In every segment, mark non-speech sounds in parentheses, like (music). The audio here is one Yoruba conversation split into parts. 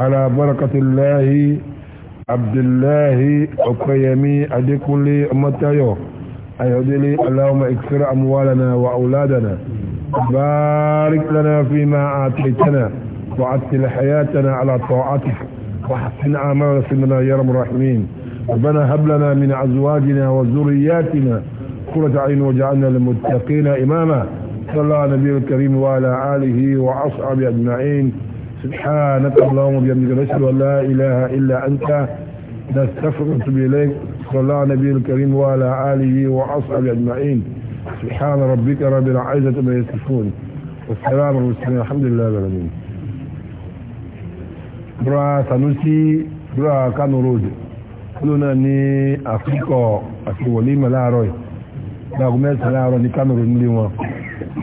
على بركة الله عبد الله أقيمي أدكولي أمتايو لي اللهم اكثر أموالنا وأولادنا بارك لنا فيما آتيتنا وعدل حياتنا على طاعتك وحسن عمال سننا يا رب الرحمن ربنا هب لنا من أزواجنا وذرياتنا كرة عين وجعلنا للمتقين إماما صلى الله على النبي الكريم وعلى آله وأصحابه أجمعين سبحانك اللهم وبحمدك نشهد ان لا اله الا انت نستغفرك اليك صلى الله على النبي الكريم وعلى اله واصحابه اجمعين سبحان ربك رب العزه ما يصفون والسلام على المرسلين الحمد لله رب العالمين bra sanusi bra kano road lónà ní àfikọ àti wọlé ìmọ̀ láàárọ̀ yìí láàgùn mẹ́sàn-án láàárọ̀ ní kano road nílé wọn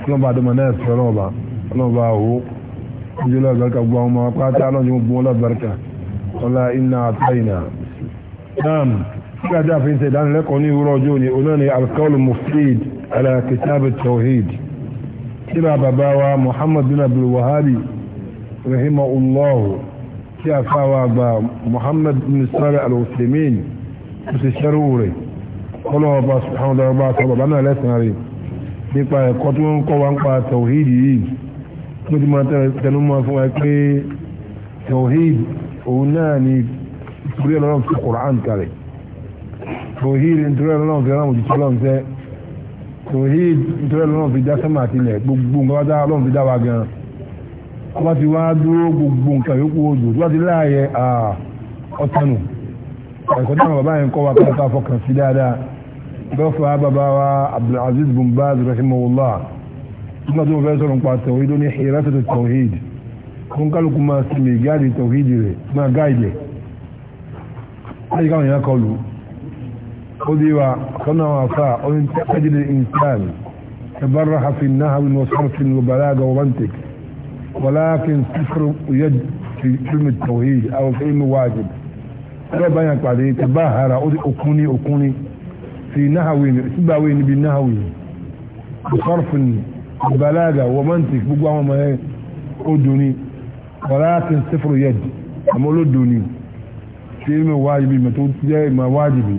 lọ́nà bá dọ́mọ náà jẹ́ lọ́gbàrúkà gbọ́ àwọn ọmọ apáta lọ́jọ́ gbọ́ wọn lọ́gbàrúkà ọlá iná àtàyìnà naam nígbà tí a fi ń ṣe ìdánilẹ́kọ̀ọ́ ní ìwúrọ̀ ọjọ́ ni onáni alkaulu mufid ala kitab tawhid síra bàbá wa muhammad bin abdul wahabi rahimahullah tí a fa wa gba muhammad bin sari al-uslimin kò sì ṣẹ́rù rẹ̀ kọ́lọ́ ọba subhanahu bá náà lẹ́sàn rẹ̀ nípa ẹ̀kọ́ tó ń kọ́ wa ń pa tawhid yìí tó ti máa tẹnu máa fún wa pé tawhid òun náà ni ìtúrí ọlọ́run fi Qur'an kalẹ̀ tawhid ìtúrí ọlọ́run fi ọlọ́run òjìṣẹ́ ọlọ́run sẹ́ tawhid ìtúrí ọlọ́run fi dá sẹ́mà àtìlẹ̀ gbogbo nǹkan dá ọlọ́run fi dá wa gan ọba ti wá dúró gbogbo nǹkan yòókù odò tó bá ti láàyè ọ̀tẹ̀nù ẹ̀kọ́ tí àwọn bàbá yẹn kọ́ wa kọ́ fọkàn sí dáadáa bẹ́ẹ̀ fà bàbá wa Abdulaziz bin rahimahullah nígbà tí mo fẹ́ sọ̀rọ̀ nípa tawhid ó ní hirasatu tawhid fún kálukú máa sinmi gáàdì tawhid rẹ̀ máa gáàdì láyé káwọn èèyàn kọlù ó di wa sọ́nà àwọn afá ó ní tajidul insan tabarraha fi nahwi wa sarfin wa balaga wa mantiq ولكن كفر يد في علم التوحيد او في علم واجب لا بيان قال تباهر اكوني اكوني في نهوين سباوين بالنهوين بصرف balaga wọ mọ́ntì gbogbo àwọn ọmọ ẹ̀ odò ni wàlá ti ń sẹ́fọ̀rọ̀ yẹ di àmọ́ olódò ni tí ìmọ̀ wájibi ìmọ̀ tó jẹ́ ìmọ̀ wájibi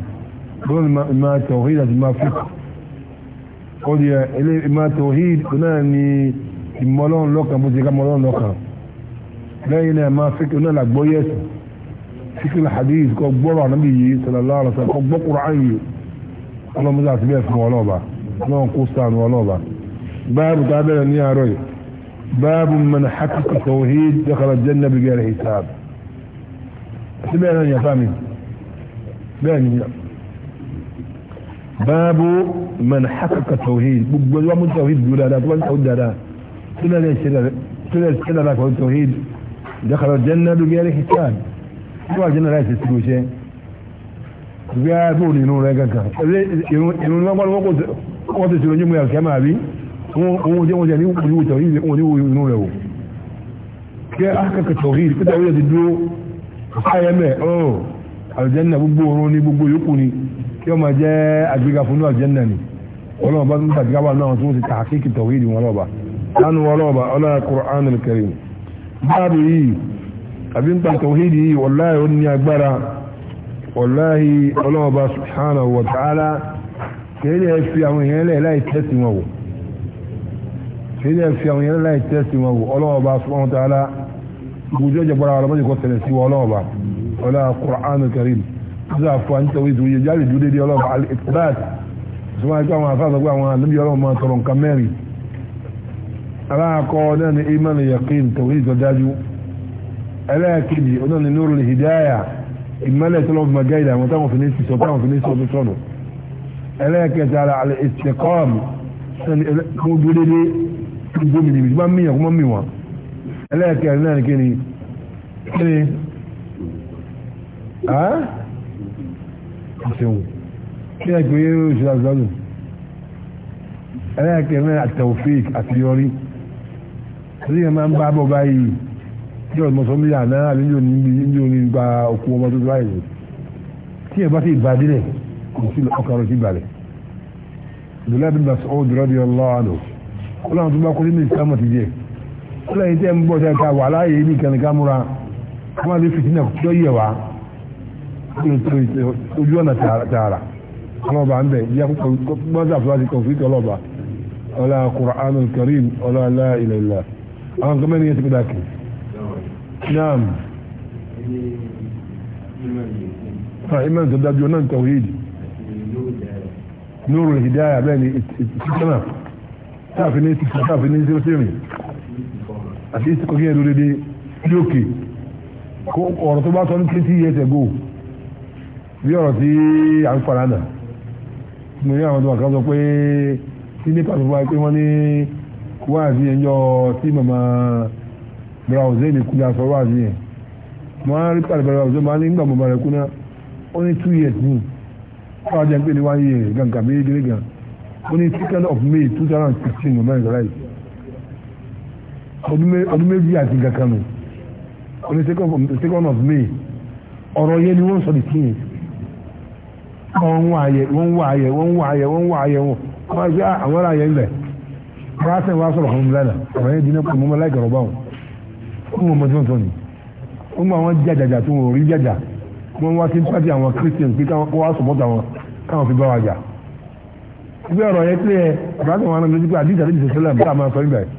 bọ́n ìmọ̀ tọ̀híd àti ìmọ̀ fíkù ó di ilé ìmọ̀ tọ̀híd náà ni ìmọ̀lọ́run lọ́kàn bó ti ká mọ̀lọ́run lọ́kàn lẹ́yìn náà ìmọ̀ fíkù náà làgbọ́ gbọ́ Kùránì yìí باب تعبير يا روي باب من حقق التوحيد دخل الجنة بغير حساب سمعنا يا فامي باني باب من حقق التوحيد بقول من توحيد بلا لا تقول توحيد لا سنة الشرع سنة الشرع التوحيد دخل الجنة بغير حساب هو الجنة لا يستوي شيء بيا دوني نور لك كان يقول يقول ما قال وقت وقت سنة يوم يا كما بي wọn jẹ́ wọn jẹ́ ní ìwò tẹ̀wé wọn ní ìwò inú rẹ̀ o kí akẹ́kẹ́ tọ̀rí pété àwọn ìyẹ̀dẹ̀ dúró ayẹmẹ ọ àlùjẹ́nà gbogbo oorun ní gbogbo yòókù ni kí wọ́n máa jẹ́ àgbéga fún àlùjẹ́nà ni ọlọ́ọ̀bá tó ń tàgbà wà náà tó ń ti ta àkíkì tọ̀rí ìdí wọn lọ́ba lánàá wọn lọ́ba ọlọ́ọ̀rẹ́ Qur'an al-Karim báàbù yìí àbí ń ta tọ̀rí ìdí yìí wàláhì ó ní agbára wàláhì ọlọ́ọ̀bá subhanahu wa ta'ala kì í ní ẹ fi àwọn èèyàn lẹ̀ láì tẹ́sí wọn wò fèrè fi àwọn yẹn láì tẹ́sí wọn wò ọlọ́wọ́ bá fún wọn tààlà ìgbòjọ́ ìjọba àwọn ọlọ́mọdé kọ́ tẹ̀lé sí wọn ọlọ́wọ́ bá ọlá Qur'an Karim ṣíṣe àfọwọ́n nítorí ìtòwé yẹ jáde dúró dédé ọlọ́wọ́ al-iqbal ṣùgbọ́n àti àwọn afáàfẹ́ pé àwọn ànábì ọlọ́wọ́ máa tọrọ nǹkan mẹ́rin aláàkọ́ náà ni iman yaqin tòwé ìtọ́ dájú ẹlẹ́ẹ̀kejì náà ni nurul hidayah ìmọ̀lẹ̀ tó lọ́wọ́ magaida àwọn táwọn fi ní sísọ táwọn fi ní sọ tó sọ̀nù ẹlẹ́ẹ̀kẹta al-istiqam kó dúró tó gbó mi níbi tí wọ́n mìíràn kó mọ́ mi wọ́n ẹlẹ́ẹ̀kẹ́rin náà ni kí ni kí ni àtẹ̀wò kí ẹ pé òṣèlú àgbàdo ẹlẹ́ẹ̀kẹ́rin náà àtẹ̀wò fake àtìyọrí ẹlẹ́yìn ẹ̀ máa ń bá bọ̀ báyìí tí ọ̀dọ́ sọ mílíà náírà ní yóò níbi ní orí gba òkú ọmọ tó báyìí tí ẹ bá ti bá délẹ̀ kò sí ọkàn rẹ̀ sí balẹ̀ Abdullahi bin Mas'ud radiyallahu anhu ọlọ́run tó bá kó nínú ìsìlámù ti jẹ ọlọ́run tẹ́ ń bọ̀ tẹ́ ká wà láàyè ní kẹnìkan múra wọ́n máa lè fìtínà tó yẹ wá ojú ọ̀nà tààrà ọlọ́ba ń bẹ̀ bí akókò gbọ́dọ̀ àfúrásì kan fún ìtọ́ ọlọ́ba ọlá Qur'anul Karim ọlá la ilaha illa àwọn kan mẹ́rin yẹn ti padà kì naam iman tó dájú náà tawhid nurul hidayah bẹ́ẹ̀ ni ìtìsíkánná táàfin ní six táàfin ní zero seven àti ìsìnkú kí ẹ lóde dé ní òkè kó ọ̀rọ̀ tó bá sọ ní twenty years ago bí ọ̀rọ̀ tí à ń padà nà mo ní àwọn tó wà kan sọ pé tí nípa tó wáyé pé wọ́n ní wáàzí yẹn yọ tí màmá brazil ní kúlẹ̀ àsọ wáàzí yẹn mo á rí pàdé brazil mo ní nígbà mo kú náà ó ní two years ní ọ̀rọ̀ jẹ́ pé ní one year gangan bí gírígan ní second of may two thousand and sixteen ọmọ ìgbàlá yìí ọdún méjì àti kankan nù ó ní second of may ọ̀rọ̀ yẹn ni wọ́n sọ di kíyìn wọ́n wá ayẹ wọ́n wá ayẹ wọ́n wá ayẹ wọ́n wá ayẹ wọn wọ́n á gbé ah, àwọn ará yẹn bẹ̀ wọ́n á sẹ́yìn wọ́n á sọ̀rọ̀ ọ̀hún lẹ́nà ọ̀rọ̀ yẹn di ní kùnú mọ́lá ìgbàlọ́ báwọn wọ́n mọ̀ mọ́tí wọ́n sọ ni wọ́n mọ̀ àwọn jàjàjà tó wọ́n rí jàjà wọ́n wá sí pàtì àwọn christian pé káwọn wá sọ̀pọ̀tà wọn káwọn fi bá wa jà ibi ọ̀rọ̀ yẹn kílẹ̀ ọ̀rọ̀ àti wọn lójú pé àdìsí àdìsí sẹ́lẹ̀ bá máa sọ nígbà yìí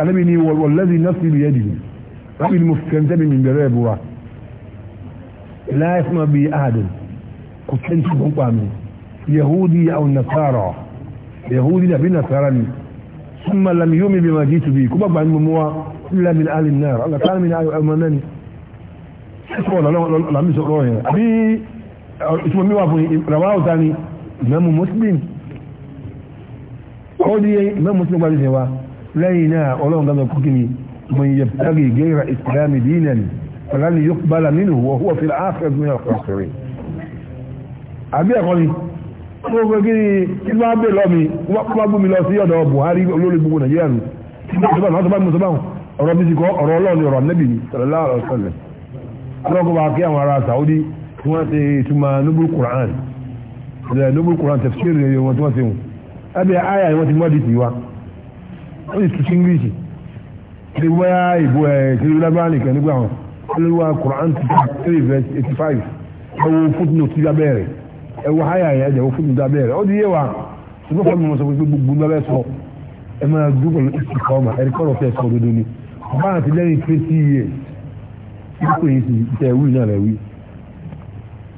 alẹ́bi ni wọ̀lẹ́bi nọ́ọ̀sì ibi yẹn dìbò lábì ni mo fẹ́ ntẹ́bi mi bẹ̀rẹ̀ ẹ̀ bù wa láyé fún mi àdùn kò sẹ́ni tó pa mi yahudi àwọn nasara yahudi dàbí nasara ni súnmọ́ lami yóò mi bí ma jí tubi kó bá gbà mí mú wa ilà mi alì náà ọ̀gá káàmì náà ọmọ náà ni sọ́kọ̀ làmì yẹn àbí ìtumọ̀ mi wà fún yìí ràwá ọ̀tá ni ìmọ̀ muslim kọ́dí imam muslim gbájú ṣe wa lẹ́yìn náà ọlọ́run gbájú kú kí ni mo yẹ tagi gẹ́ra islami dinan fàlá ni yóò bala nínú wọ wọ́n fi áfẹ́ mi ọ̀pọ̀ sọ̀rọ̀ àbí ẹ̀kọ́ ni mo fẹ́ kí ni kí ló bẹ̀ lọ mi wọ́n kọ́ bú mi lọ sí ọ̀dọ̀ buhari olórí gbogbo nàìjíríà nù ìjọba náà tó bá mi ọ̀rọ̀ mi kọ́ ọ̀rọ̀ ọlọ́run ọ̀rọ̀ nẹ́bì ni sallallahu alaihi wasallam lábẹ́ àyà wọ́n ti mú àdìsí wa wọ́n ti tutù english ní bóyá ìbò ẹ̀ kiri lábẹ́ nìkan nígbà wọn olùwà quran three verse eighty five ẹ wo footnote ti lábẹ́ rẹ̀ ẹ wo àyà yẹn ẹ wo footnote lábẹ́ rẹ̀ ó di yé wa ṣùgbọ́n fún mi mo sọ pé gbogbo lábẹ́ sọ ẹ máa dúpọ̀ lórí ìkọ́mà ẹ̀rí kọ́rọ̀ fẹ́ sọ òdodo ni bá àti lẹ́yìn twenty years ní kò yín sí ìtẹ̀wé náà rẹ̀ wí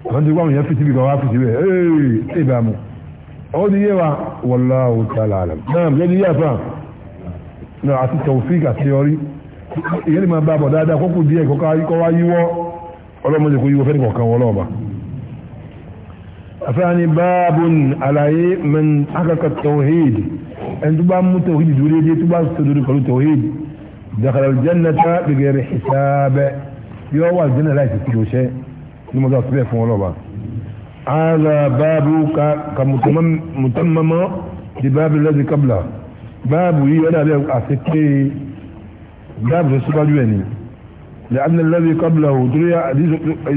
àwọn tó gbọ́ àwọn yẹn fi síbi kan wá fi síbẹ̀ ẹ̀ẹ́ ìbámu. أودي يوا والله تعالى أعلم نعم يدي يا فا نعم عطي توفيق الثيوري يلي ما بابا دا دا كوكو دي كوكا يكوا يوا ولا ما يكوا يوا فين كوكا ولا ما أفاني باب على من حقق التوحيد أن تبقى متوحيد دوري دي تبقى تدوري كل توحيد دخل الجنة بغير حساب يوا الجنة لا يتكلم شيء لما تصبح فولا ما هذا باب كمتمم لباب الذي قبله باب هي أنا له أسكي باب السبع جواني لأن الذي قبله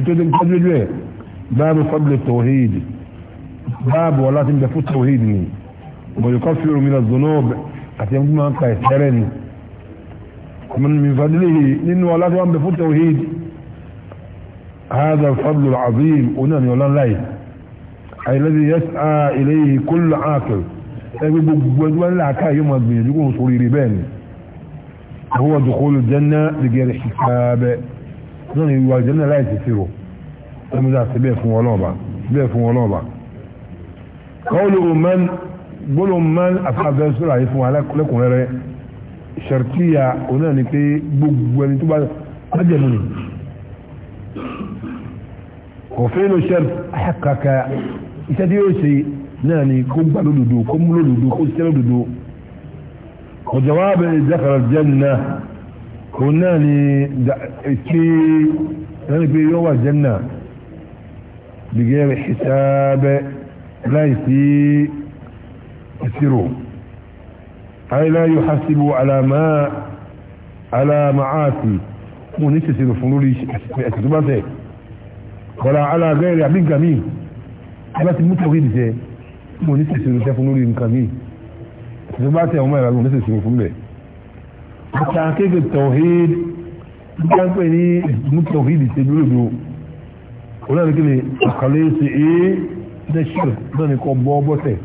تدري باب فضل التوحيد باب ولا تندفو التوحيد ويكفر من الذنوب أتيما كايسرني من من فضله لأنه ولا تندفو التوحيد هذا الفضل العظيم ونن يولان لاي أي الذي يسعى إليه كل عاقل وان لعكا يوم الدنيا يقول صوري ربان هو دخول الجنة لغير حساب نن يوا الجنة لا يتسيره المزاع سبيه فون ولوبا سبيه فون ولوبا قوله من قولوا من أفعاد ذلك سرعة يفون لكم شرطية ونن كي بقوة نتبع مجموني وفعل الشر حقك يتديوسي ناني كم بلودو كم لودو كم سلودو وجواب دخل الجنة قلنا لي كي يعني في يوم الجنة بغير حساب لا يسي يسيرو أي لا يحسب على ما على معاصي ونسي سيرو فنولي أتتبع ذلك wọ́la alágẹ́rẹ́ àbí nǹkan míì ẹ bá ti mú tẹ̀wé ìdìjẹ́ mo ní sèṣirò tẹ́ fún lórí nǹkan míì tó bá tẹ̀ ọmọ ìrànlọ́wọ́ ní sèṣirò fún bẹ̀. ọ̀tà kéèké tọ̀híd nígbà pé ní mú tẹ̀wé ìdìjẹ́ lórí olóòrìkìlì àkàlẹ́ ṣe é dẹ́ṣẹ̀l náà ni kò bọ́ bọ́tẹ̀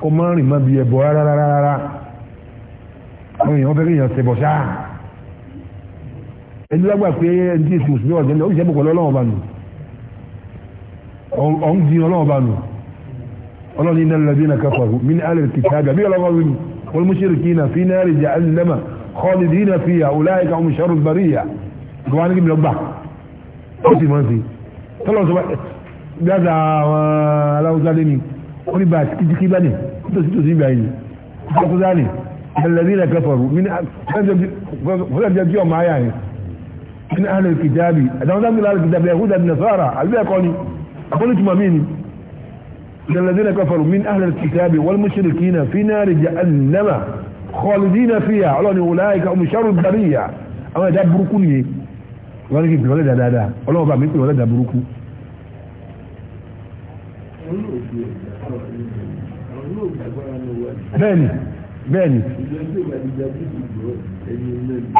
kò má rìn má bí ẹ̀bọ̀ rárá rárá àwọn èèyàn fẹ́ kéèyàn ṣẹbọ̀ ṣáà ẹni wá gbà pé ẹni tí èsì mùsùlùmí ọ̀jẹ̀ náà ó sì ṣẹ́bù pẹ̀lú ọlọ́wọ́ bá nù ọ̀n di ọlọ́wọ́ bá nù ọlọ́ni iná lọ́dún náà kafaru min alẹ́ kìtàbí àbí ọlọ́wọ́ wí wal mushrikina fi nari jahannama khalidina fiha ulaika hum sharrul bariyya gbọ́n ní kí mi lọ gbà ó sì mọ́ sí tọ́lọ́ sọ gbàdà eh, àwọn aláwùsá ó ní bá kíkí bá ní tòsí tòsí ìgbà yìí aláwùsá ní alladhina kafaru min fúlẹ̀ jẹ́ kí ọmọ ayà yìí من أهل الكتاب أدعو من أهل الكتاب يهود النصارى أبي أقولي أقول لكم أمين إن الذين كفروا من أهل الكتاب والمشركين في نار جهنم خالدين فيها الله أولئك هم شر البرية أما ده بركوني wọ́n ní kí ìpìlọ́lẹ̀ dáadáa dáa ọlọ́wọ́ bá mi ìpìlọ́lẹ̀ dá burúkú. bẹ́ẹ̀ni bẹ́ẹ̀ni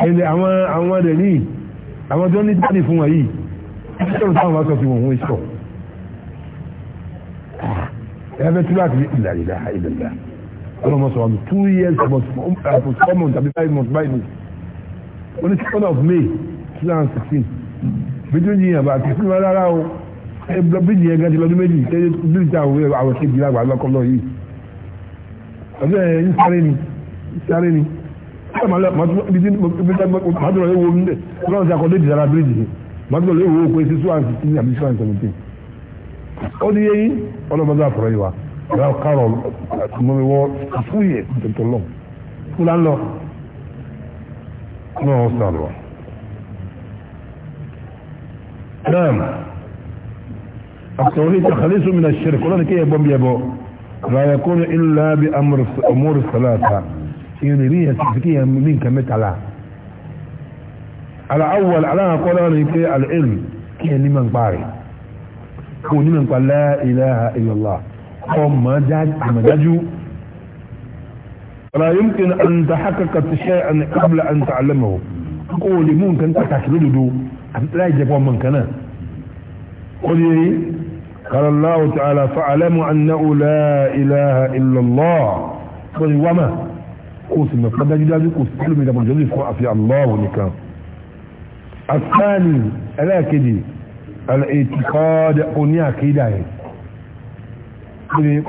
ẹni àwọn àwọn rẹ̀ níyì àwọn tó ní dáàdì fún wọn yìí ìṣòro táwọn bá sọ sí wọn òun ìṣọ ah, ẹgbẹ́ tí láti ìlà ìlà ìlà ọlọ́mọ sọ wọn two years about four months àbí five months báyìí ni on the second of May two thousand sixteen bíjú yìí àbá àti sinimá rárá o bíjì yẹn gan ti lọ́dún méjì kéde bíjì àwọn àwọn kejì lágbàá lọ́kọ́ lọ́ yìí ọjọ́ yẹn ń sáré ni ń sáré ni màdùrọ̀ lè wo nílẹ̀ lọ́wọ́ sí akọ́dé ìdìsára bíríjì ni màdùrọ̀ lè wo pé sísú àti sixteen àbí sísú àti seventeen. ó ní yẹ́yí ọlọ́mọdé àfọ̀rọ̀ yìí wa ìyá kárọ̀ àtúmọ̀wé wọ́ fúyẹ̀ tuntun lọ fúlà ń lọ náà ó sàn lọ. naam àtọ̀wé ìtàkàlẹ́sọ mi náà ṣẹlẹ̀ kọ́lá ni kéèyàn gbọ́n bí ẹ bọ́ ràyẹ̀kọ́ ni ilà bí amúrú sàlátà ìrìn rí yẹn sì kí yẹn ní nǹkan mẹ́tàlá aláwọ̀l aláàkọ́lọ́ ni pé al'ilm kí yẹn ní mọ̀ ń parí kò ní mọ̀ ń pa la ilaha illallah ọmọdájú يمكن أن تحقق شيئا قبل أن تعلمه قول ممكن تحققه لا يجب من كان قل قال الله تعالى فاعلموا أنه لا إله إلا الله قل وما kò sì mọ̀ pé dájúdájú kò sí kílómi ìdàmọ̀ jọ́sìn fún àfi Allahu nìkan. asáàlì ẹlẹ́ẹ̀kejì ẹ̀ẹ́tìkọ́ọ́dẹ oní àkídà yẹn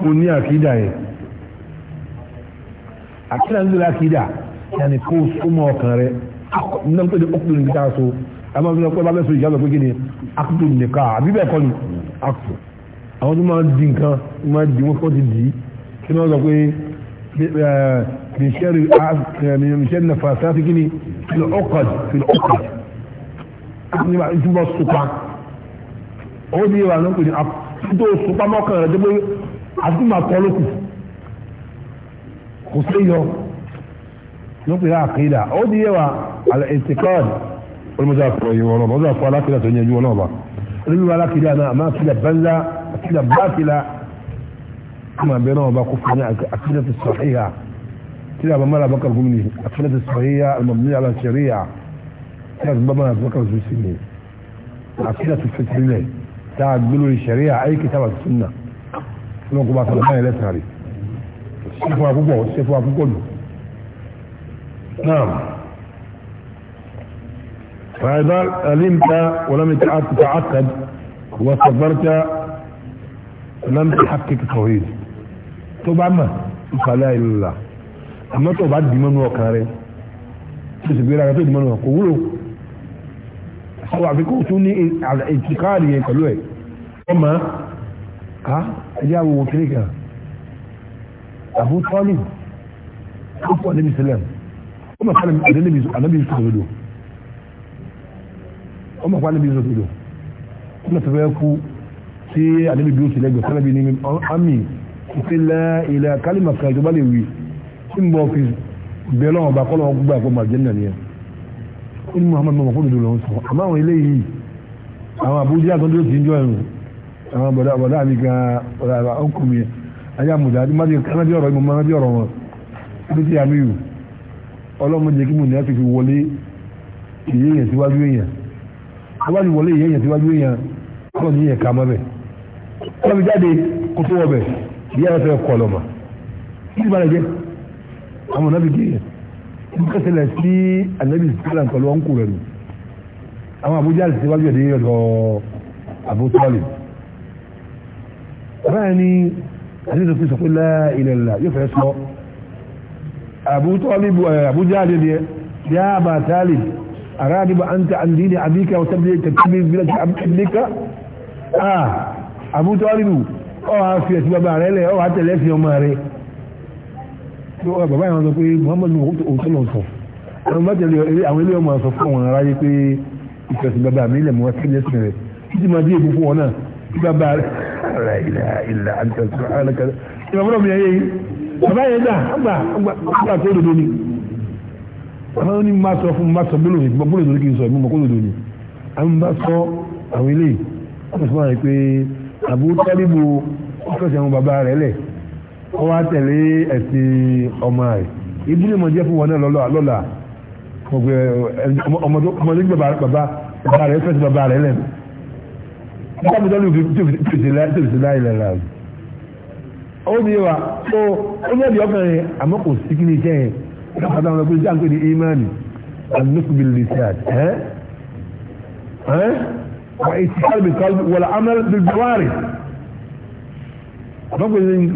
oní àkídà yẹn àkídà ń lò àkídà yàní kó súnmọ́ ọkàn rẹ nígbà tó di ọkùnrin níbi tá a so àmọ́ ìgbà pé bá bẹ́ẹ̀ so ìyá ọ̀gbẹ́ gíní akutu nìka àbí bẹ́ẹ̀ kọ́ ni akutu àwọn tó máa di nǹkan máa di wọ́n fọ́ ti dì í kí wọ́n sọ pé من شر من شر النفاثات كني في العقد في العقد ni ba ju ba supa o ni wa nan ko ni do supa mo kan de boy ati ma ko loku ko se yo no pe aqida o di wa al intiqad wal muzafar yo wala muzafar la kila to nyu wala ba ni wala kila na ma kila banza kila batila كما بينه وباكف عن أكلة الصحيحة تلا بملا بكر قمني أكلة الصحيحة المبنية على الشريعة تلا بملا بكر زوسيني أكلة الفتريني تلا تقولوا للشريعة أي كتاب السنة لو كما طلبنا لا سهري سيفوا أبوكو سيفوا أبوكو نعم فإذا علمت ولم تتعقد وصبرت لم تحقق التوحيد tó bá mà ìfàlẹ́ àìlèlà àmọ́ tó bá dì mọ́nú ọkàn rẹ tó sì gbéra rẹ tó dì mọ́nú ọkàn kò wúlò àwọn àfikún tún ní ìtìkáàdì yẹn pẹ̀lú ẹ̀ ọmọ ká ẹjẹ́ àwòwò kiri kan àbú tọ́lì ó pọ̀ níbi sílẹ̀ ọmọ kan ànábì sọ̀rọ̀ lò ọmọ kan ànábì sọ̀rọ̀ lò ọmọ tó fẹ́ kú sí ànábì bí ó sì lẹ́gbẹ̀ẹ́ sẹ́lẹ̀bì ní kò sí lẹ́ ilẹ̀ kálímà kan ìjọba lè wí tí mo fi bẹ́ẹ̀ lọ́wọ́ bá kọ́lọ́ gbogbo àgbo màjẹ́ nà nìyẹn ó ní muhammed mọ̀ fún ìdòdò lọ́wọ́ sọ àmọ́ àwọn eléyìí àwọn àbújá àtọ́jú ti ń jọ ẹ̀rùn àwọn bọ̀dá bọ̀dá mi gan ọ̀dà ọkùnrin ajá mùdá kánábí ọ̀rọ̀ ìmọ̀ kánábí ọ̀rọ̀ wọn ibi tí a mi yù ọlọ́mọdé kí mo ní bí a fẹ́ kọlọ ma kí bá lajẹ àwọn ọ̀nà bí kéye n kẹsẹlẹ sí anabi sọlá nkọlọ wọn kú rẹ nù àwọn abuja àti síwájú ẹ̀dẹ́ yẹ lọ abutọ́lì báyìí ni àdéhùn fi sọ pé lá ilẹ̀ là yóò fẹ́ sọ abutọ́lì abuja àti ẹ̀dẹ́ yá bàtálì أراغب أنت عن دين أبيك وتبليك تبليك بلك أبيك آه أبو طالب ọ wá fi ẹ̀sìn bàbá rẹ lẹ̀ ọ wá tẹ̀lé ẹ̀sìn ọmọ rẹ bàbá yẹn sọ pé muhammadu òótọ́ lọ sọ àwọn bá tẹ̀lé àwọn ilé ọmọ sọ fún àwọn aráyé pé ìfẹ̀sìn bàbá mi lẹ̀ mọ́ wá tẹ̀lé ẹ̀sìn rẹ títí máa dé ìbùkún wọn náà tí bàbá rẹ la ilaha illa anta subhanaka ìbàbá mi yẹ yìí bàbá yẹn dà àgbà àgbà tó dodo ni àwọn oní máa sọ fún máa sọ bólóyè bólóyè tó ní kí n sọ ìmú mọ́ kó dodo ni àwọn bá sọ àwọn ilé yìí àbú tọ́líbù ọ̀fẹ́sẹ̀ àwọn bàbá rẹ̀ lẹ̀ wọ́n wá tẹ̀lé ẹ̀sìn ọmọ rẹ̀ ìdílé mọ̀ jẹ́ fún wọn náà lọ́la lọ́la ọmọdé gbé bàbá bàbá rẹ̀ fẹ́sẹ̀ bàbá rẹ̀ lẹ̀ nígbà mi tọ́líbù tòfìsì láìlẹ̀ la ó ní wa ó ó ní ẹ̀bí ọkùnrin àmọ́ kò sí kí ni iṣẹ́ yẹn lápá táwọn ọkùnrin sáà ní imani àdúgbò bíi lè ṣe ẹ́ ẹ́ واستقال بالقلب والعمل بالجوارح فقط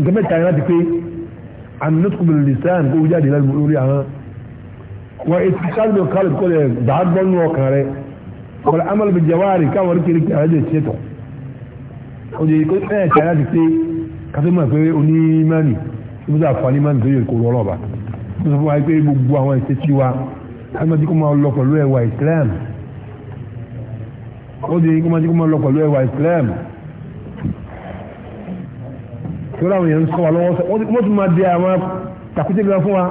جميع التعليمات في النطق باللسان قول جادي لا المؤلوري عنها واستقال بالقلب كل دعات ظن وكاري والعمل بالجوارح كان وركي لك هذا الشيطة oye ko ẹ ti ara ti pé kátó mọ̀ pé onímọ̀nì tó bá fani mọ̀nì tó yẹ kó rọrọ̀ bá tó sọ fún wa pé gbogbo àwọn ìṣesí wa ká má ti kó máa lọ pẹ̀lú ẹwà ìsìlẹ́mù ó di kó máa jí kó máa lọ pẹ̀lú ẹwà Islam tí ó láwọn èèyàn ń sọ wà lọ́wọ́ wọ́n tún máa di àwọn takùtì gan fún wa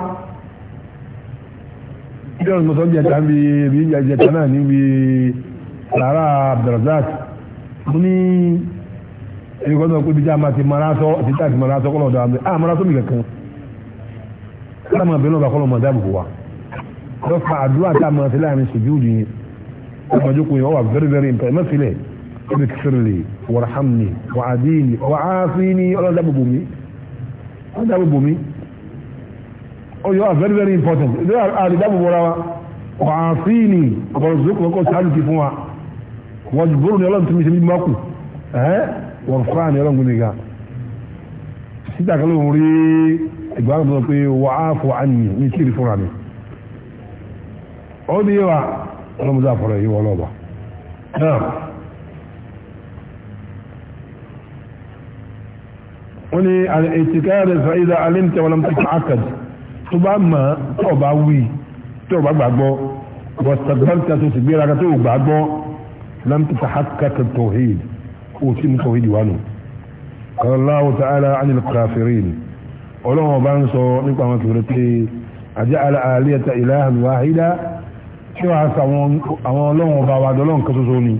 bí ọ̀nà mọ̀sán jẹta ń bi ebi jẹta náà níbi sàrà Abdulrasaq mo ní ẹni kan náà pé bíjà máa ti mara sọ títà ti mara sọ kọ́ lọ́dọ̀ àmì àmàrà sómi kankan kí ló máa bẹ̀rẹ̀ náà bá kọ́ lọ́ máa wa lọ́fà àdúrà tá a máa ti láàrin sùjúdù yẹn ọmọdékùn yìí wọ́n wà very very important mẹ́fìlẹ̀ ibi kìsìrìlì wàrhamni wàádìní wàáfíní ọlọ́dàbòbò mi ọlọ́dàbòbò mi ọyọ oh, wà very very important ìdí àdìdàbòbò ra wa wàáfíní ọ̀pọ̀lọpọ̀ kọ́ sáájú ti fún wa wàjúbóró ni ọlọ́run tún mi ṣe mímọ́ kù ẹ́ wọ́n fúra ni ọlọ́run mi ga síta kan ló ń rí ìgbà kan tó sọ pé wàá fọ àníyàn ní kiri fúnra mi. ó ní wa ọlọ́mọdé àfọ̀rọ̀ yìí wọ́n lọ́ba náà wọ́n ni ìtìkáyàrẹ̀ fa'ida alimta wọ́n lọ́mọdé àkàd tó bá mọ̀ tó bá wí tó bá gbàgbọ́ wọ́sàgbàntà tó sì gbéra tó gbàgbọ́ lọ́mọdé àkàd tòhìd kò sí ní tòhìd wà nù kọlọ́láwọ̀ tààlà ánìlì kàfìrín kí wàá sọ àwọn ọlọ́run ọba wa dọ́lọ́run kan ṣoṣo ni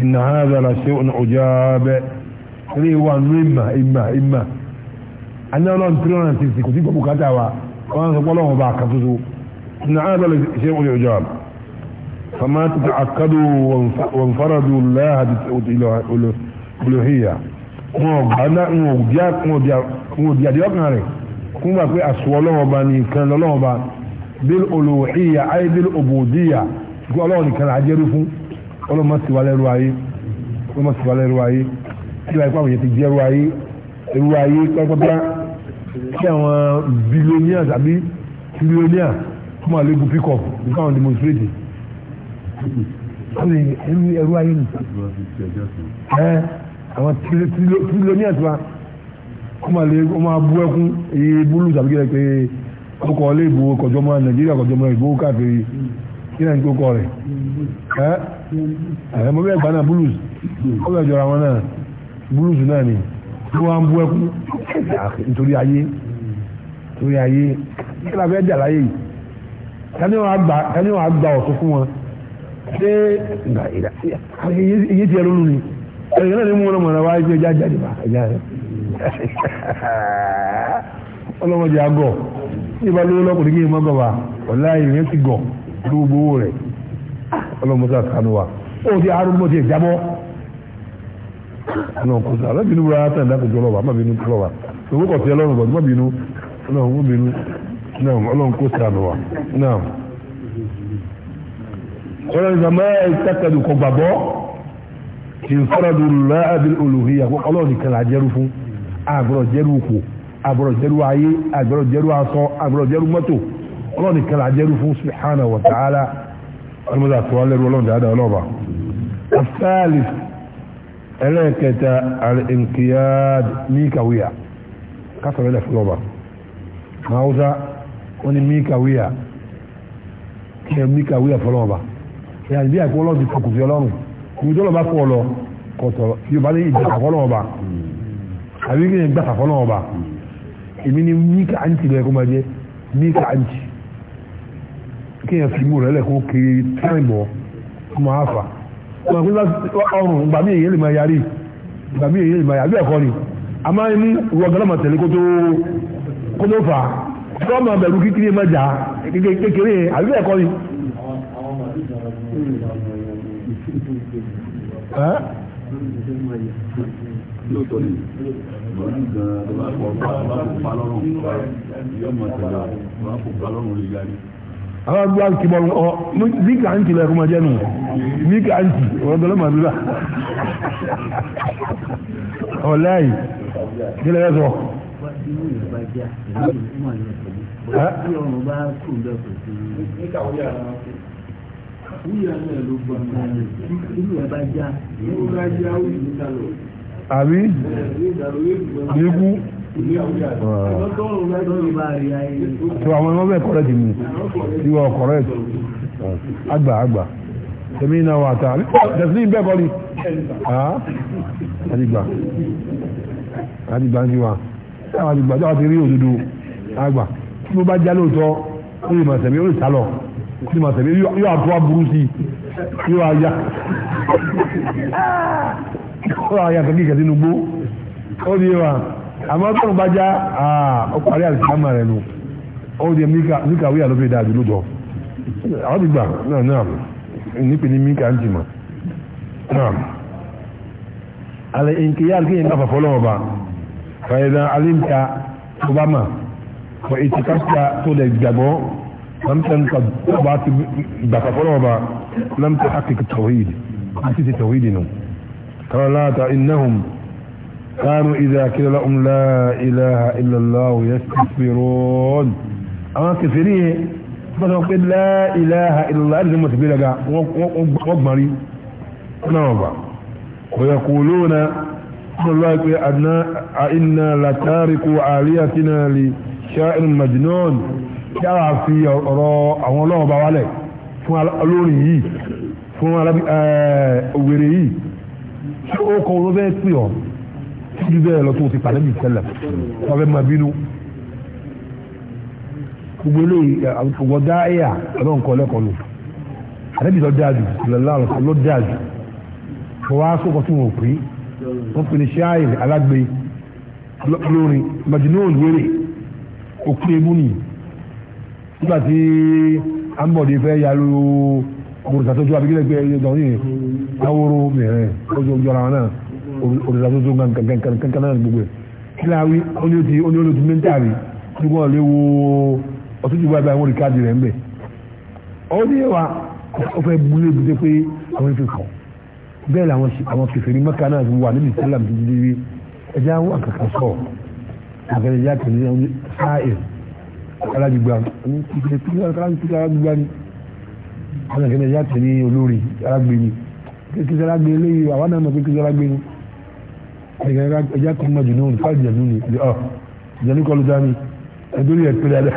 ìnà àádọ́là ṣe ọ̀nà ọjà bẹ́ ilé wa nú ìmà ìmà ìmà àní ọlọ́run three hundred and sixty kò sí gbọ́ bùkátà wa wọ́n sọ ọlọ́run ọba kan ṣoṣo ìnà àádọ́là ṣe ọ̀nà ọjà fama tuntun akadu wọn faradu láhàdì olùhíyà wọn ọgbà náà wọn ò bí àdéhùn kan rẹ̀ kún pé àṣọ ọlọ́run ọba nìkan lọ́lọ́run ọba بالألوحية أي بالعبودية يقول الله كان عجير فون ولو ما سوى له رواي ولو ما سوى له رواي كيف يقول يتجي رواي رواي كيف يقول kí àwọn billionaires àbí trillionaires kó máa léegun pick up nípa àwọn demonstrate ọ̀rẹ́ ẹrú ẹrú ayé ni ẹ àwọn trillionaires wa kó máa léegun máa bú ẹkún èyí búlù tàbí kí ẹ pé ó kọ ilé ìbò kọjọ nàìjíríà kọjọ mọ ìbò káàkiri kí náà ń tó kọ rẹ ẹ náà blues ó jọra wọn náà blues náà ni ló wá ń bú ẹkú nítorí ayé nítorí ayé fẹ́ dà láyé iye tiẹ̀ lónìí náà ni mọ̀ náà ọlọ́mọdé agọ̀ ní ìbá lówó lọ́kùnrin kí n mọ́ gọ̀wà ọ̀la ìrìn ti gọ̀ ní gbogbo owó rẹ̀ ọlọ́mọdé àkànú wa ó ti arúgbó ti ìjábọ́ ọlọ́run kò sá alábìnú wúra átà ìdákòjọ́ lọ́wọ́ má bínú tó lọ́wọ́ owó kọ̀tí ọlọ́run bọ̀ má bínú ọlọ́run má bínú ọlọ́run kò sá àná wa ọlọ́run sàmá ìtàkàdù kọ gbàgbọ́ kì í fọ́nà dùn láàbí olùhìyà kọ́ ọlọ́run nìkan là jẹ́rú fún àgbọ̀rọ̀ jẹ́rú kù àgbọ̀rọ̀jẹ́rú ayé àgbọ̀rọ̀jẹ́rú aṣọ àgbọ̀rọ̀jẹ́rú mọ́tò ọlọ́ni kan àjẹ́rú fún subhanahu wa ta'ala ọlọ́mọdé àtúwálẹ́rú ọlọ́ni dáadáa ọlọ́ba الثالث ẹlẹ́ẹ̀kẹta al-inqiyad míkàwíyà kásọ̀rọ̀ ilẹ̀ fúlọ́bà hausa wọ́n ni míkàwíyà kí ẹ míkàwíyà fọlọ́bà ìyá ìbí àìkú ọlọ́run ti fọkùnfì ọlọ́run kí ìjọba bá fọ́ ọ lọ kọ̀tọ̀ yóò bá ní hmm. ìjà àbí kí ni gbàtà fọlọ́bà èmi ni wíkà àǹtí lẹ́kọ́ máa jẹ́ anti àǹtí kéèyàn fi mú rẹ̀ lẹ́kọ́ kiri táìmù ọ máa fà wọn pé ọrùn ìgbà mí èyí lè máa yarí ìgbà mí èyí lè máa yarí bí ẹ̀kọ́ ni a máa ní ìwọ gánà máa tẹ̀lé kótó kótó fà kọ́ máa bẹ̀rù kíkiri máa jà kékeré àbí ẹ̀kọ́ ni. ẹ́ ìlú gan tó bá kọ bá kò pa lọ́rùn yóò mọ̀ tẹ̀lé bá kò pa lọ́rùn lè yarí. àwọn àgbà kì bọ̀ ọ zika ń tilẹ̀ kọ́mọ jẹ́ nù zika ń tì ọ̀rọ̀ dọ́lọ́ màdúrà ọ̀láyì kí lè sọ. Wúyà náà ló gbọ́ ọ̀gá àbí ìlégún tí àwọn ọmọ bẹ́ẹ̀ kọ́rẹ́tì mi tí wọ́n kọ́rẹ́tì àgbà àgbà tẹ̀mí náà wà tàà tẹ̀sí bẹ́ẹ̀ kọ́ ni àdìgbà àdìgbà ń tiwa tí àwọn àdìgbà tí wọ́n ti rí òdodo àgbà tí mo bá já lóòótọ́ ó lè máa tẹ̀mí ó lè sálọ ó lè máa tẹ̀mí yóò àtúwà burú sí yóò àyà ó wà yàtọ̀ kí kẹ̀sí nugbó ó di wa àmọ́ tó ń bá já ó parí àlùfáàmà rẹ̀ nù ó di mika wíyà ló fi dáa dúró jọ àwọn ti gbà náà náà nípe ní mika ń ti mọ̀ náà alẹ́ nkìyà kéèyàn náà fàfọ́ lọ́wọ́ bá fàyẹ̀dà alimta tó bá mà fọ ìtìkásíkà tó lè gbàgbọ́ lamtanka tó bá ti gbàgbọ́ lọ́wọ́ bá lamtanka tawhid àti ti tawhid nù. قال إنهم كانوا إذا كلا لهم لا إله إلا الله يستكبرون أما كثيرين فقالوا قل لا إله إلا الله أرزم تبيلك وقمري نوبا ويقولون الله يقول أدنا أئنا لتاركوا عاليتنا لشائر مجنون يا في أراء الله عليك فما الألوري فما الأبي أه ṣé ó kọ ló fẹ́ pè ọ́ síbi bẹ́ẹ̀ lọ tó o ti pàdé mi tẹ́lẹ̀ wọ́n fẹ́ máa bínú gbogbo eléyìí ọgbọ́n dá ẹ̀yà ọlọ́run kọ́ lẹ́kọ̀ọ́ lò àdébí lọ dáa jù lọ́la lọ dáa jù wọ́n wá sókò tí wọ́n pè é wọ́n pè ní ṣáàyè alágbè lórin majinóòn wéré òkú ebú nìyí nígbà tí ambọ̀dé fẹ́ yálò òrùsàtọ́jú àbíkílẹ̀ gbẹ ẹ̀yẹ dọ̀rin yìí aworo mìíràn ojú ojú ara wọn náà olùdásóso kankan náà gbogbo ẹ̀ kí láwí oníyóti oníyóti mẹ́ntàrí tí wọ́n lè wo ọtún jù báyìí wọ́n rí káàdì rẹ̀ ń bẹ̀ ọ́ ní wa ó fẹ́ búlé búté pé àwọn ètò kan bẹ́ẹ̀ làwọn àwọn kẹfẹ́rí mẹ́ka náà wà níbi sálàm tó dídí rí ẹjẹ́ àwọn àkàkà sọ̀ àgbẹ̀lẹ̀já kẹ̀lé ní sáàì alájùgbà ní kíkẹ́ kíkẹ́ alájùgbà ní àwọn àgbẹ̀lẹ̀já kẹ̀lé olórí alágbèmí kékeré alágbé eléyìí àwọn náà mọ̀ pé kékeré alágbé ni ẹ̀jẹ̀ kan mọ̀ jùlọ ní fáìlì jẹ̀nu ni ọ̀ jẹ̀nu kọlu dání ẹ̀dórí ẹ̀ pẹ̀lẹ́ dá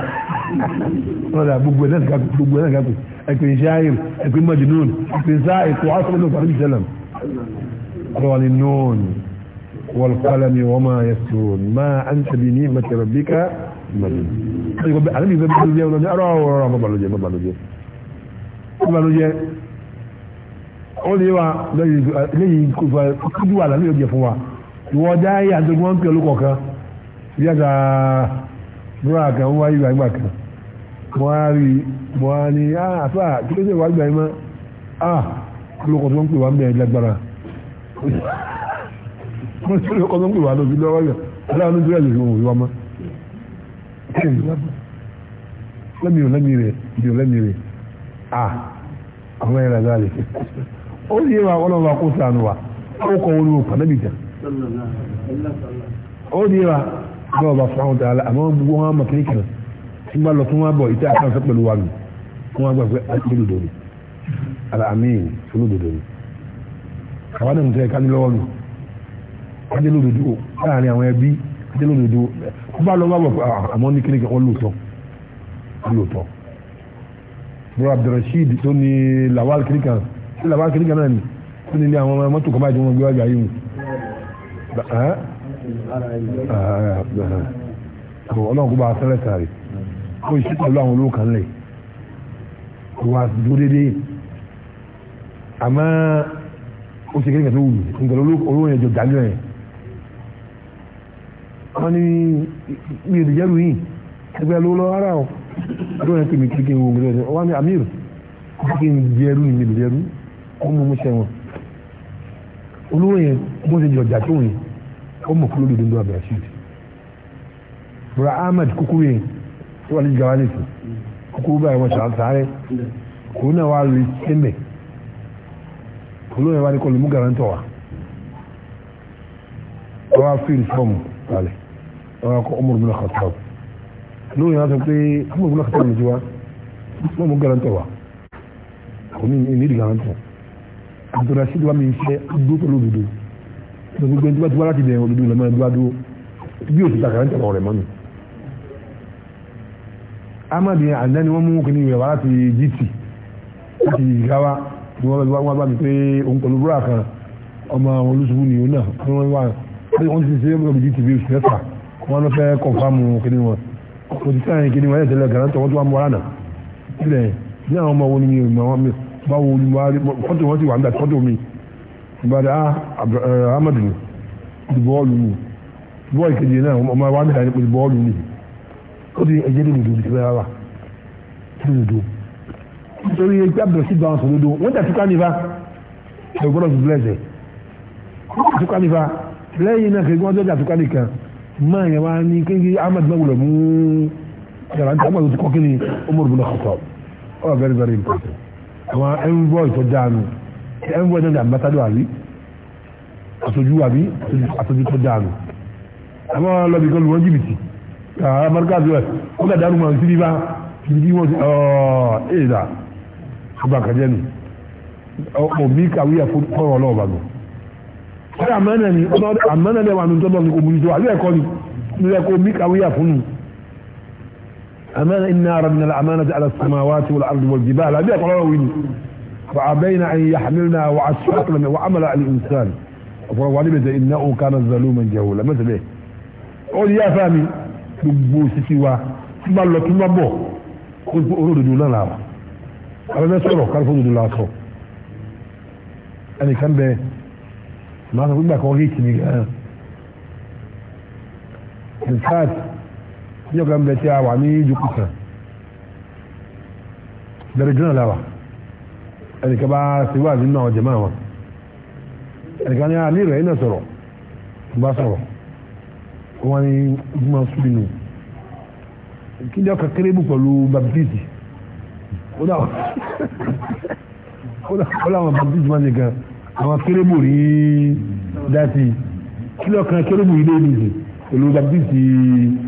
ọ̀dà gbogbo ẹ̀ náà gbogbo ẹ̀ náà gàpè ẹ̀pẹ̀ ìṣáyìm ẹ̀pẹ̀ mọ̀ jùlọ ní ẹ̀pẹ̀ ìṣá ẹ̀kọ́ asọ́lẹ̀ níbi sẹ́lẹ̀m ọ̀rọ̀ ni nọ́ọ̀nù wọ́n kọ́lẹ̀ máa yẹ sùn máa ń tẹ̀bi ní mẹtẹ̀rẹ̀ bí ká mẹtẹ̀rẹ̀ ó lè wa lẹ́yìn kújú wà lálẹ́ òjò fún wa ìwọ dá yé àdógún wọn ń pè olùkọ kan bí àgbà búra kan wọ́n wáyé ìgbà kan wọ́n á rí wọ́n á ní ah, àfà kí ló dé wàá gbà yín mọ́ ah, olùkọ tó ń pè wá ń bẹ̀rẹ̀ lágbára mo ní olùkọ tó ń pè wá lóbi lọ́wọ́ yẹn aláwọ̀ ní bílẹ̀ lòdì òwúwa mọ́ lẹ́mi rẹ̀ ìdí rẹ̀ à ah, àwọn ẹ̀rọ ẹ̀dá rẹ̀ ó sì yé wa ọlọ́run wa kó sànù wa ó kọ wọn wò pàdé bìjà ó sì yé wa bọ́ọ̀ bá fún àwọn tó ala àmọ́ gbogbo wọn mọ̀ kéèké rẹ̀ tí wọ́n lọ tí wọ́n bọ̀ ìtẹ́ àkànṣe pẹ̀lú wa nù wọ́n gbà pé olódodo ni ala amiin olódodo ni àwọn àdéhùn tẹ̀ ká ní lọ́wọ́ nù adé lódodo láàrin àwọn ẹbí adé lódodo ó bá lọ wá wọ̀ pé ah, àmọ́ ní kéèké wọ́n lóòótọ́ lóòótọ́ bọ́ọ̀ Abdulrasheed tó ní lawal kéèké rẹ̀ ilẹ̀ bá kiri gánà ni kí ni ilé àwọn ọmọ mọ́tò kọ́ bá jẹun gbé wájà yìí mu ọlọ́run kó bá sẹ́lẹ̀ sáré kó ìṣe pẹ̀lú àwọn olówó kan lẹ̀ kó wá dúró déédéé àmọ́ ó ṣe kí nìkan tó wù mí nǹkan olówó yẹn jọ dájọ́ yẹn wọ́n ní mi ò lè jẹ́rù yìí ẹgbẹ́ ló lọ ara ọ̀ ló yẹn pè mí kékeré wo mi lọ́dọ̀ wọ́n ní amir kí n jẹ́rù ni mi lè jẹ́rù ó mú mú ṣe wọn olówó yẹn bó ṣe jọjà tó yẹn ó mọ̀ kúló dodo ńlọ abẹ́rẹ́ ṣíìtì bùrọ̀ ahmed kúkúrú yẹn tó wà ní ìjọba nìkan kúkúrú báyìí wọn ṣàn sáré òun náà wàá rí sẹ́mẹ̀ olówó yẹn wà ní kọlu mú garantọ wa wọ́n wá fíìlì fọ́ọ̀mù kalẹ̀ wọ́n wá kọ́ ọmọ òmùnà kọ̀tàwọ̀ lóyún yàtọ̀ pé ọmọ òmùnà kọ̀tàwọ̀ nìjọba wọ́n mú garantọ wa òun ní ìdí garantọ abdulrasheed wa mi ń fẹ́ dúró pẹ̀lú òdodo gbogbo ẹni tí wọ́n ti wá láti bẹ̀rẹ̀ òdodo lọ́mọ ẹni wá dúró bí òsì takara ń tẹ̀lé ọ̀rẹ́ mọ́nu. amadi àdá ni wọ́n mú kí ni ìyẹ̀wò láti gt láti ìgáwá ni wọ́n bá wá bá mi pé òun pẹ̀lú búrọ̀ kan ọmọ àwọn olùsùnwó ni òun náà wọ́n wá wọ́n ti ṣe é bọ̀ gt bí oṣù mẹ́fà wọ́n lọ fẹ́ kọ̀ǹfàmù kí ni wọn òtítàn kí ni wọ́n yẹ tẹ́lẹ̀ gàrántọ̀ wọ́n tó wá mú wàrà náà báwo ni wọ́n rí fọ́tò wọ́n ti wà nígbà fọ́tò mi ìbára amadu ah, eh, ni ti bọ́ọ̀lù ni bọ́ọ̀lù kejì náà ọmọ wa nígbà ní bọ́ọ̀lù ni ó ti ẹ̀jẹ̀ ní dòdò ti bẹ́ẹ̀ wá ní dòdò nítorí ẹgbẹ́ abẹ́rẹ́ sí báwọn sọ̀rọ̀ dòdò wọ́n tàtúkà nífa ẹ̀gbọ́dọ̀ ti bẹ́ẹ̀ sẹ̀ wọ́n tàtúkà nífa lẹ́yìn náà kẹ́gbọ́n tó tàtúkà very very important àwọn envoy tó dáanu envoy náà ní ambassador àbí àtòjú àbí àtòjú tó dáanu àwọn lọ́bì kan lù wọ́n jìbìtì àwọn amẹ́ríkà tó ẹ̀ eh, ó gbà dánú wọn síbí bá síbí wọn ọ̀ ẹ̀ dà ọgbà kàjẹ́ nù òbí kàwé ẹ̀fọ́ kọ́rọ̀ ọlọ́ọ̀bà nù ọ̀rẹ́ àmẹ́nà ni ọ̀rẹ́ àmẹ́nà ni wà nù tọ́lọ́ ní kò mú ní tó àbí ẹ̀kọ́ ni ní ẹ̀kọ́ òbí kàwé ẹ̀fọ́ nù أمانة إنا ربنا الأمانة على السماوات والأرض والجبال أبي أقول فأبين أن يحملنا وعشقنا وعمل على الإنسان وعلمت إنه كان ظلوما جهولا مثل إيه قول يا فامي gbogbo sisi wa tí bá lọ tí bá bọ̀ kó tó olódodo náà la wa abẹ́fẹ́ sọ̀rọ̀ kárífọ́ òdodo la sọ ẹnìkan bẹ màá sọ pé níjọ́ kan bẹ̀ tí a wà ní jùkùsàn bẹ̀rẹ̀ jùlọ làwà ẹnìkan bá ṣe wà nínú àwọn jẹ̀mọ́ àwọn ẹnìkan ní alẹ́ rẹ̀ iná sọ̀rọ̀ bá sọ̀rọ̀ wọ́n ní ìgbìmọ̀ sùdì nù kí ni ọkà kéré bù pẹ̀lú baptiste ó dà ó làwọn baptiste wọn nìkan àwọn kéré bù rí dá sí kí ni kéré bù yìí lé nìyí pẹ̀lú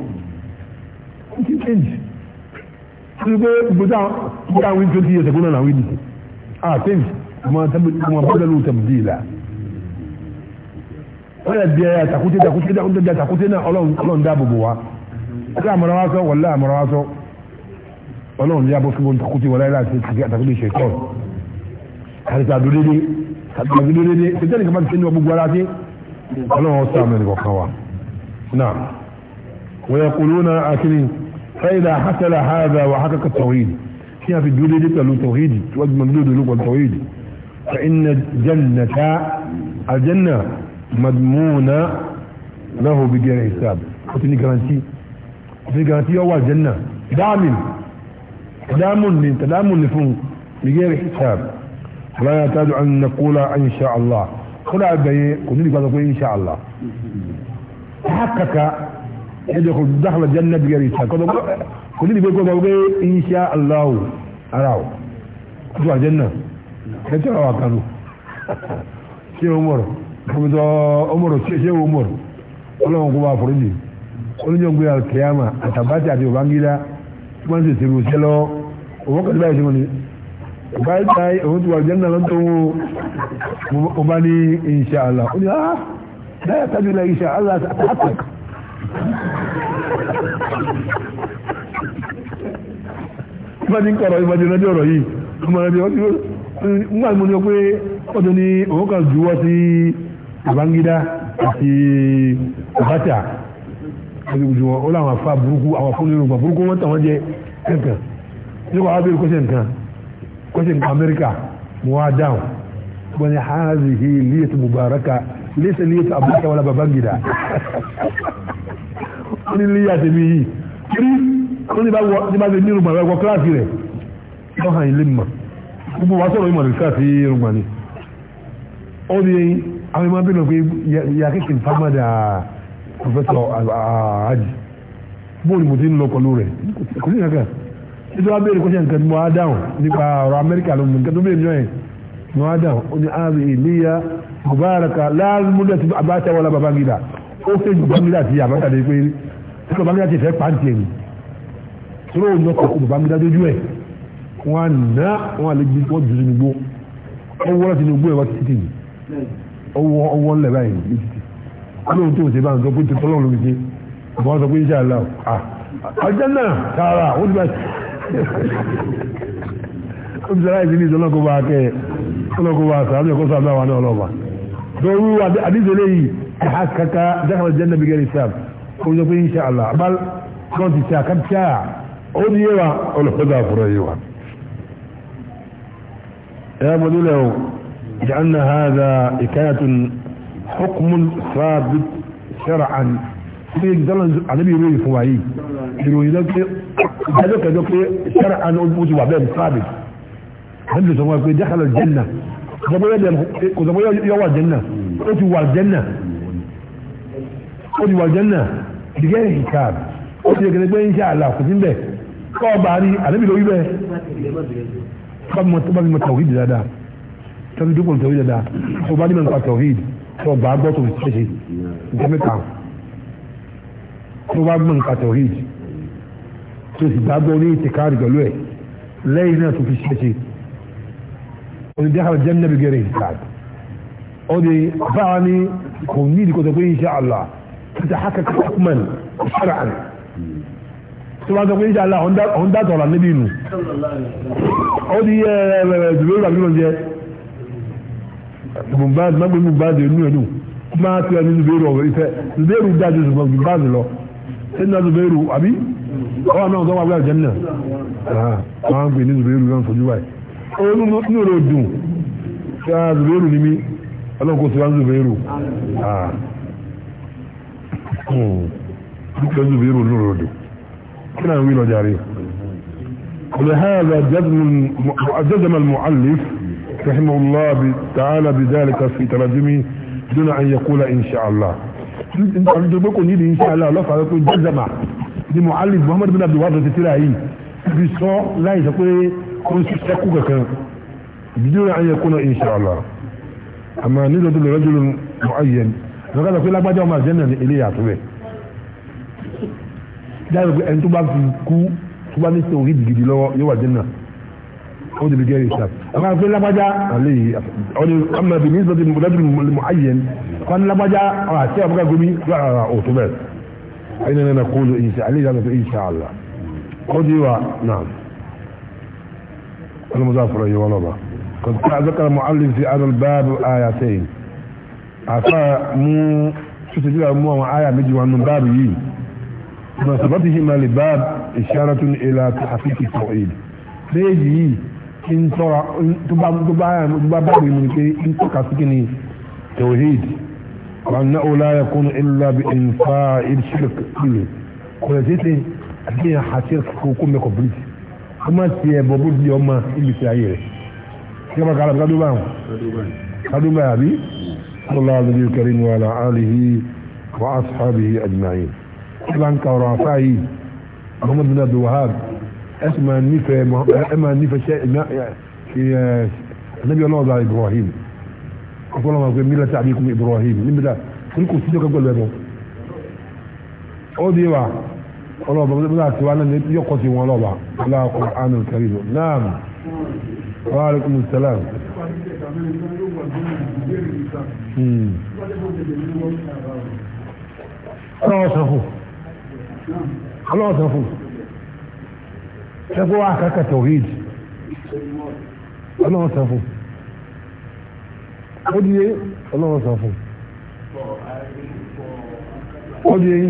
ti change tí pé gbogbo àwọn àwọn twenty years ago náà làwọn ènìyàn ah change ọmọ abọ́dọ̀lù tẹ̀bùdì ìlà wọ́n yà di ẹ̀yà takuté takuté takuté takuté náà ọlọ́run dáàbò bò wá ọkọ àmọ́ra wá sọ wọlé àmọ́ra wá sọ ọlọ́run ní abọ́ fúnbọ́n takuté wọlé láti takuté ṣe kọ́ àrètà dúdédé àrètà dúdédé tètè nìkan bá ti sẹ́ni wọ́n gbogbo ara sí ọlọ́run ọ̀sán mẹ́rin kọ̀ọ̀kan wa náà wọ́n yẹ kúló náà akíní. فإذا حصل هذا وحقق التوحيد فيها في الدولة دي قالوا توحيد وجه مجدود لقوا توحيد فإن الجنة الجنة مضمونة له بغير حساب أعطيني جرانتي أعطيني جرانتي هو الجنة دعم دعم من تدام لفون بغير حساب ولا يعتاد أن نقول إن شاء الله خلع بي قلت لك إن شاء الله تحقق ẹjọ́ kò dáhùn jẹ́nà bí gẹ̀rẹ̀ ìta kọ́dọ̀ kò ní ìgbẹ́kọ́ ọmọ wípé insha Allah ara ọ̀ tó wà jẹ́nà ẹjọ́ àwọn àkànú ṣé o mọ̀rọ̀ kọ́mọ̀tọ́ ọmọrọ̀ ṣé o mọ̀rọ̀ ọlọ́run kó bá fọ́rọ́ yìí oníjọ́gbé alkiyama àtàbátì àti òbángídá tó máa ń ṣe ìṣèlú ṣẹ́ lọ òwò kàdé báyìí sọ́mọ́ni báyìí táyì òun ti wà jẹ́nà lọ́tọ̀ wọn ọba ní insha Allah ó ní ah láyà tájú ilẹ̀ insha Allah àtàkùn wọ́n ti ń kọ̀rọ̀ ìbọn ti rántí ọ̀rọ̀ yìí ọmọ rẹ̀ bí wọ́n ti ń gbà mú ni pé wọ́n ti ní òun kan juwọ́ sí Babangida àti Abacha juwọ́ ó láwọn afá burúkú àwọn afọ́ nínú burúkú wọ́n tàwọn jẹ ẹ̀kan nígbà wọ́n bẹ̀rẹ̀ kọ́sẹ̀ nǹkan kọ́sẹ̀ nǹkan Amẹ́ríkà mo wá dáhùn wọ́n ni hazihi liyat mubaraka lẹ́sẹ̀ liyat Abacha wala Babangida (laughs) wọ́n ni liyat mi yìí àwọn ní bá wọ ní bá ṣe ní irùngbọ̀n rẹ̀ wọ kíláàsì rẹ̀ wọ́n hàn ilé mọ̀ gbogbo wa sọ̀rọ̀ ìmọ̀ nìkan sí irùngbọ̀n ni ó ní àwọn ìmọ̀ bí lọ pé ya kékin fámádà pòfẹ́sọ̀ àájì bóòlù mo ti ń lọ pẹ̀lú rẹ̀ kò sí kankan nítorí wọ́n béèrè kọ́ṣẹ́ nǹkan mo á dáhùn nípa ọ̀rọ̀ amẹ́ríkà ló nǹkan tó béèrè yẹn mo á dáhùn ó ní ààrẹ ìléyà mubaraka láàmúdà tí abáṣà wọlé babangida ó fẹ́ ju babangida àti àbáṣà dé pé tí babangida tí wọ́n yọ kọ̀ọ̀kọ̀ bàbá mi dájọ́jú ẹ̀ wọ́n á ná wọ́n á lè gbé wọ́n jù sínú igbó wọ́n wọ́n láti inú igbó ẹ̀ wá títì yìí ọwọ́ ọwọ́ ńlẹ̀ báyìí ní títì alóhùn tó ń ṣe bá ń sọ pé tuntun lọ́rùn ló fi ṣe àbọ̀ sọ pé iṣẹ́ àlá à ọjọ́ náà tààrà ó ti báyìí (laughs) ó ti sáláì sí ní ìṣọ́nà kó bá kẹ́ ẹ̀ ọ̀nà kó bá sàrà ní ọkọ̀ sọ pé iṣẹ́ àlá àbá ó ní yíwa olùkọ́dà fúnra yíwa ya mọ̀ nílẹ̀ o jẹ́anna haza ikayatun hukumun sabit shara'an ní ìdánà ànábì ìròyìn fún wáyé ìròyìn lọ́pẹ́ ìdájọ́ pé shara'an ó ti wà bẹ́ẹ̀ sabit hannun sọ wọn pé dákàlà jẹ́nà kò sọ ti wà jẹ́nà ó ti wà jẹ́nà ìdíkẹ́ ìkàb ó ti yẹ kẹ́lẹ́gbẹ́ ń ṣe àlà kò kọ́ ọba rí àlébi lórí bẹ́ẹ̀ bá mi mọ tawhid dáadáa tẹ́lẹ̀ dúpọ̀ tawhid dáadáa tó bá nímọ̀ nípa tawhid tó bá gbọ́ tó fi ṣe nǹkan mẹ́ta tó bá gbọ́ nípa tawhid tó sì bá gbọ́ ní ìtìkárì pẹ̀lú ẹ̀ lẹ́yìn náà tó fi ṣe ṣe onídàáhà jẹ́ nẹ́bí gẹ̀rẹ́ ìsáàdì odi báwa ni kò ní ìdíkọ̀ tó pé insha Allah títà hákàkà hukman shar'an tó bá sọ pé ìṣàlá òun dàtọ̀ ọ̀rà níbi ìlú ó di yẹ ẹ ẹ dùbẹ́ ìgbà kíló jẹ bùnbáàdì má gbé bùnbáàdì inú ẹnu kó máa tẹ ẹni dùbẹ́ ìrù ọ̀rọ̀ ìfẹ́ dùbẹ́ ìrù dájú ṣùgbọ́n bùnbáàdì lọ sẹ́ni náà dùbẹ́ ìrù àbí ọ̀rọ̀ náà tó wà wíwá ìjẹ́ náà máa ń gbé ní dùbẹ́ ìrù náà fojú wáyé ó ní òrò dùn ṣá dùbẹ́ ìrù ni mí ọlọ́run kò sí wá dùbẹ́ ìrù dùbẹ́ ìrù ní òrò ah. hmm. dùn كنا نوين وجاريه ولهذا جزم جزم المؤلف رحمه الله تعالى بذلك في ترجمه دون ان يقول ان شاء الله ndọ̀bọ̀kọ̀ ní ìdíyìn sáà lọ́wọ́ fàá pé jẹ́zẹ̀mà ni mu'allif muhammad bin abdul wahab ti tíra yìí ibi sọ láì sọ pé kò sí sẹ́kù kankan ìdíjọ́ rẹ̀ ayẹ kúnà inṣàlá àmà nílò tó lè rọ́jò mu'ayyan lọ́kàtà pé lágbájá ọmọ àjẹ́nà ní ilé yàtọ̀ bẹ́ẹ̀ dáhùn pé ẹni tó bá fi kú tó bá ní sèwòrì gidi lọ́wọ́ yóò wà jẹ́nà ó dìbò gẹ́rì sá àwọn afẹ́ lágbájá àlẹ́ yìí ọdún àmọ́ bí nígbà tí mo dájú mo ayẹn fún lágbájá àti àbúkà gómi rárá ò tó bẹ́ẹ̀ ẹni nana kó lo ìṣe àlẹ́ yìí láti ìṣe àlà ó di wa náà ọlọ́mọdé àfọlọ́ yìí wọ́n lọ́ba kọ̀tà àzọ́kàrà mọ́ àlè fi àdàl báàbù àyàtẹ̀yìn àfà mú tuntun bí wà mú àwọn àyà méjì wà nù báàbù yìí مناسبتهما لباب إشارة إلى تحقيق التوحيد بيجي إن ترى تبع تبع تبع بابي من إن تكاسكني توحيد وأنه لا يكون إلا بإنفاء الشرك كله كل شيء أكيد حشرك كوكم كوبليت وما تيه بابود يوم اللي سعيه كما قال كدوبان كدوبان أبي صلى الله عليه وسلم وعلى آله وأصحابه أجمعين ìbáǹkà ọ̀rọ̀ àfáà yìí Muhammad bin Abdul Wahab ẹsì máa nífẹ̀ẹ́ ẹ máa nífẹ̀ẹ́ ṣe ẹnẹ́bí ọlọ́ọ̀dà Ibrahim ọ̀pọ̀ ọlọ́mọ pé mílẹ̀ tí a bí kún Ibrahim níbílẹ̀ tí kò síjọ́ kẹ́gbẹ́ lẹ́nu ó di wa ọlọ́ọ̀bà bí wọ́n ti wá náà yọkọ̀ sí wọn ọlọ́ọ̀bà aláàkọ̀ àmì kẹrìnà naam wa alaikum salam. ọ̀rọ̀ hmm. ọ̀sán fún. Allah sọ fún ṣẹ́fọ́ wa kàkà tawhid Allah sọ fún ó di yé Allah sọ fún ó di yé.